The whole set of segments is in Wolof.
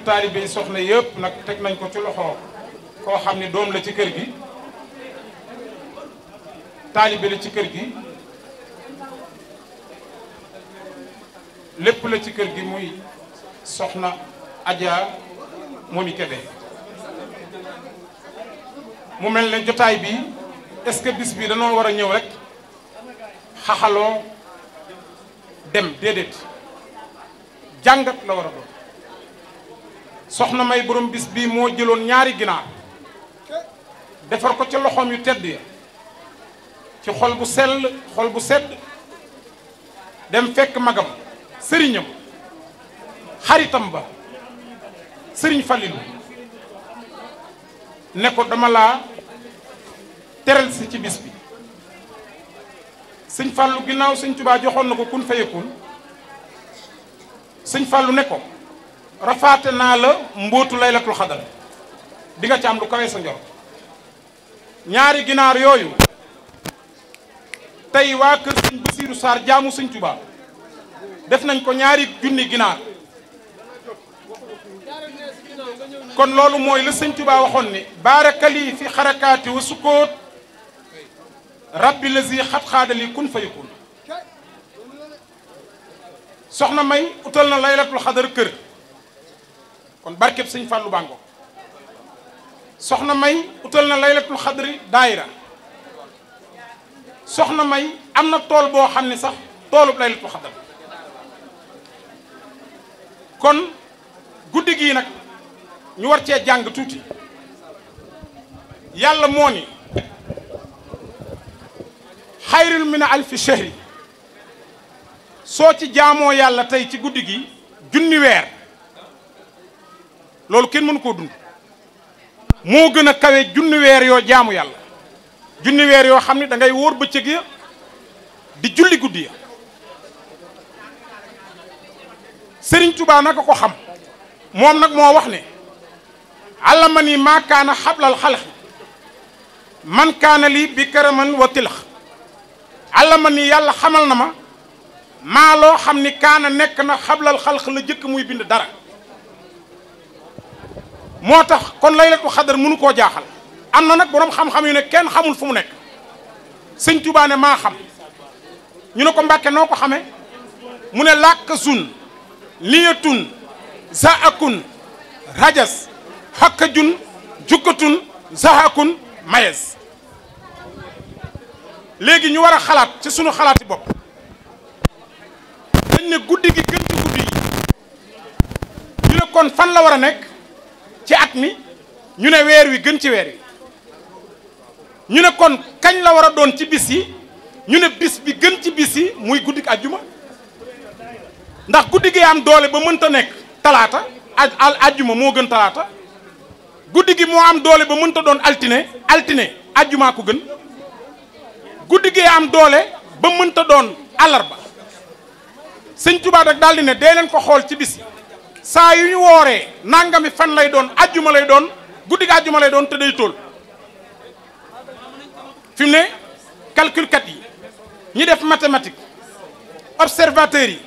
mboolem soxna yëpp nag teg nañ ko ci loxo koo xam ne doom la ci kër gi taalibe la ci kër gi lépp la ci kër gi muy soxna Adja Momi Kébé mu mel ne jotaay bi est-ce que bis bi danoo war a ñëw rek xaxaloo dem déedéet jàngat la war a doon soxna may borom bis bii moo jëloon ñaari ginaar defar ko ca loxoom yu tedd ya ci xol bu sell xol bu sedd dem fekk magam sëriñam xaritam ba sëriñ Falilu ne ko dama laa teral si ci bis bi sëñ Fàllu ginnaaw sëñ Tubaa joxoon na ko kun fayakun sëñ Fàllu ne ko rafaate naa la mbóotu laylatul xadar di nga ci am lu kawe sa njor ñaari ginaar yooyu tey waa kër sëñ Basiiru Sarr jaamu sëñ Tuubaa def nañ ko ñaari junni ginaar kon loolu mooy la sëñ Tuubaa waxoon ni baarakali fi xarakaati wa sukkoot rabbi lazi xat-xaadali kun fayakun soxna may utal na laylatul xadar kër kon barkeb sëñ Fallou bàngo soxna may utal na laylatul xadri daayira soxna may am na tool boo xam ne sax toolub laylatul xadri kon guddi gii nag ñu war cee jàng tuuti yàlla moo ni xayril min alfi shahri soo ci jaamoo yàlla tey ci guddi gi junni weer loolu kenn mënu koo dund moo gën a kawe junni weer yoo jaamu yàlla junni weer yoo xam ne dangay ngay wóor bëccëg ya di julli guddi ya sëriñ tubaa ko xam moom nag moo wax ne allamani maa kaana xablal xalax man kaana lii bi karaman wa tilax allamani yàlla xamal na ma maa loo xam ni kaana nekk na xablal xalax la jëkk muy bind dara moo tax kon lay laylatu xadar mënu koo jaaxal am na nag borom xam-xam yu ne kenn xamul fu mu nekk sëñ Tuubaa maa xam ñu ne ko Mbàkke noo ko xamee mu ne làkksun liyatun zaakun rajas hakkajun jukkatun zahakun mayes léegi ñu war a xalaat ci sunu xalaati bopp dañ ne guddi gi gën ci guddi yi ñu ne kon fan la war a nekk ci at mi ñu ne weer wi gën ci weer wi ñu ne kon kañ la war a doon ci bis yi ñu ne bis bi gën ci bis yi muy guddik ajjuma ndax guddi gi am doole ba mënta nekk talaata al ajjuma moo gën talaata guddi gi moo am doole ba mënta doon altine altine ajjumaa ko gën guddi gi doole ba mënta doon alarba sëñ ne dee leen ko xool ci bis yi saa yu ñu wooree nangami fan lay doon ajjuma lay doon guddi gi ajjuma lay doon te day tool fi ne calculkat yi ñi def mathématique observateurs yi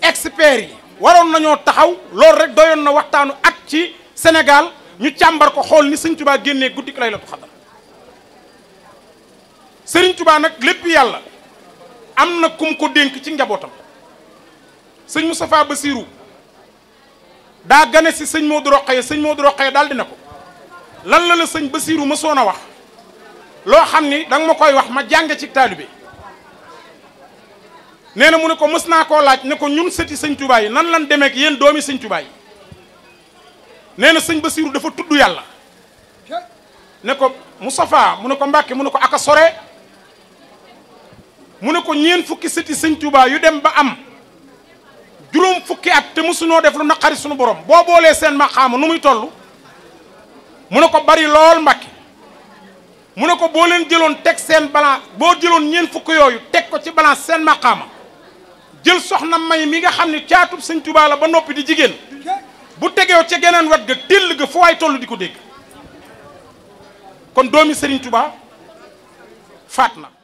experts yi waroon nañoo taxaw loolu rek doyoon na waxtaanu ak ci Sénégal ñu càmbar ko xool ni Sëriñ Tuubaa génnee guddi gi lay la tu xadar Sëriñ Tuubaa nag lépp yàlla am na kum ko dénk ci njabootam sëñ Moustapha Bassirou daa gane si sëñ Modou Rokhaya sëñ Modou Rokhaya daal na ko lan la la sëñ Basiiru mësoon a wax loo xam ni danga ma koy wax ma jànge ci taalibe nee na mu ne ko mës naa koo laaj ne ko ñun sëti sëñ Tuubaa yi nan lan demee ak yéen doomi sëñ Tuubaa yi nee na sëñ Basiiru dafa tudd yàlla ne ko mu sofaa mu ne ko Mbàkke mu ne ko aka sore mu ne ko ñeen fukki sëti sëñ Tuubaa yu dem ba am fukki at te mosunoo def lu naqari suñu borom boo boolee seen maqaama nu muy tollu mu ne ko bari lool Mbàkke mu ne ko boo leen jëloon teg seen balance boo jëloon ñeent fukk yooyu teg ko ci balance seen maqaama jël soxna May mi nga xam ne caatub Sëñ Tuubaa la ba noppi di jigéen bu tegee ca geneen wet ga téll ga fu ay toll di ko dégg kon doomi Sëriñ Tuubaa faat na